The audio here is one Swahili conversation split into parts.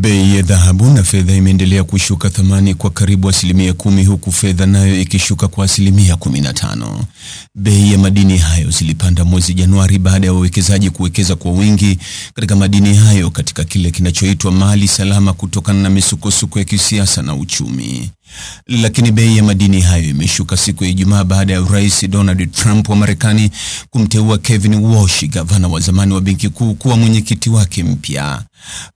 Bei ya dhahabu na fedha imeendelea kushuka thamani kwa karibu asilimia kumi huku fedha nayo ikishuka kwa asilimia tano. Bei ya madini hayo zilipanda mwezi Januari baada ya wawekezaji kuwekeza kwa wingi katika madini hayo katika kile kinachoitwa mali salama kutokana na misukosuko ya kisiasa na uchumi. Lakini bei ya madini hayo imeshuka siku ya Ijumaa baada ya Rais Donald Trump wa Marekani kumteua Kevin Walsh, gavana wa zamani wa Benki Kuu, kuwa mwenyekiti wake mpya.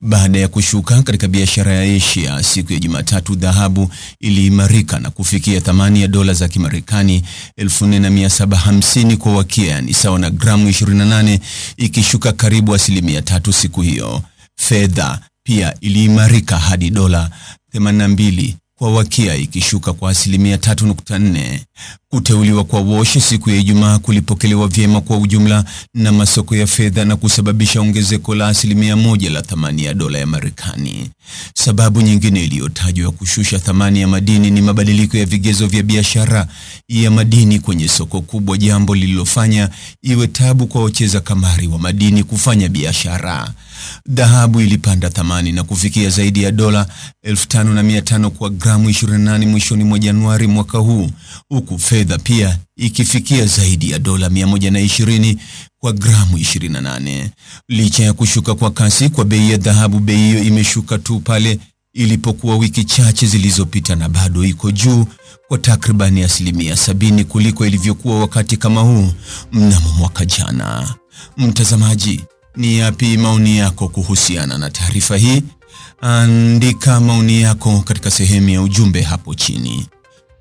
Baada ya kushuka katika biashara ya Asia siku ya Jumatatu, dhahabu iliimarika na kufikia thamani ya dola za Kimarekani 4750 kwa wakia, ni sawa na gramu 28, ikishuka karibu asilimia tatu siku hiyo. Fedha pia iliimarika hadi dola 82 kwa Wakia ikishuka kwa asilimia 3.4 Kuteuliwa kwa Walsh siku ya Ijumaa kulipokelewa vyema kwa ujumla na masoko ya fedha na kusababisha ongezeko la asilimia moja la thamani ya dola ya Marekani. Sababu nyingine iliyotajwa kushusha thamani ya madini ni mabadiliko ya vigezo vya biashara ya madini kwenye soko kubwa, jambo lililofanya iwe tabu kwa wacheza kamari wa madini kufanya biashara. Dhahabu ilipanda thamani na kufikia zaidi ya dola 1500 kwa gramu 28 mwishoni mwa Januari mwaka huu, huku fedha pia ikifikia zaidi ya dola 120 kwa gramu 28. Licha ya kushuka kwa kasi kwa bei ya dhahabu, bei hiyo imeshuka tu pale ilipokuwa wiki chache zilizopita na bado iko juu kwa takribani asilimia sabini kuliko ilivyokuwa wakati kama huu mnamo mwaka jana. Mtazamaji, ni yapi maoni yako kuhusiana na taarifa hii? Andika maoni yako katika sehemu ya ujumbe hapo chini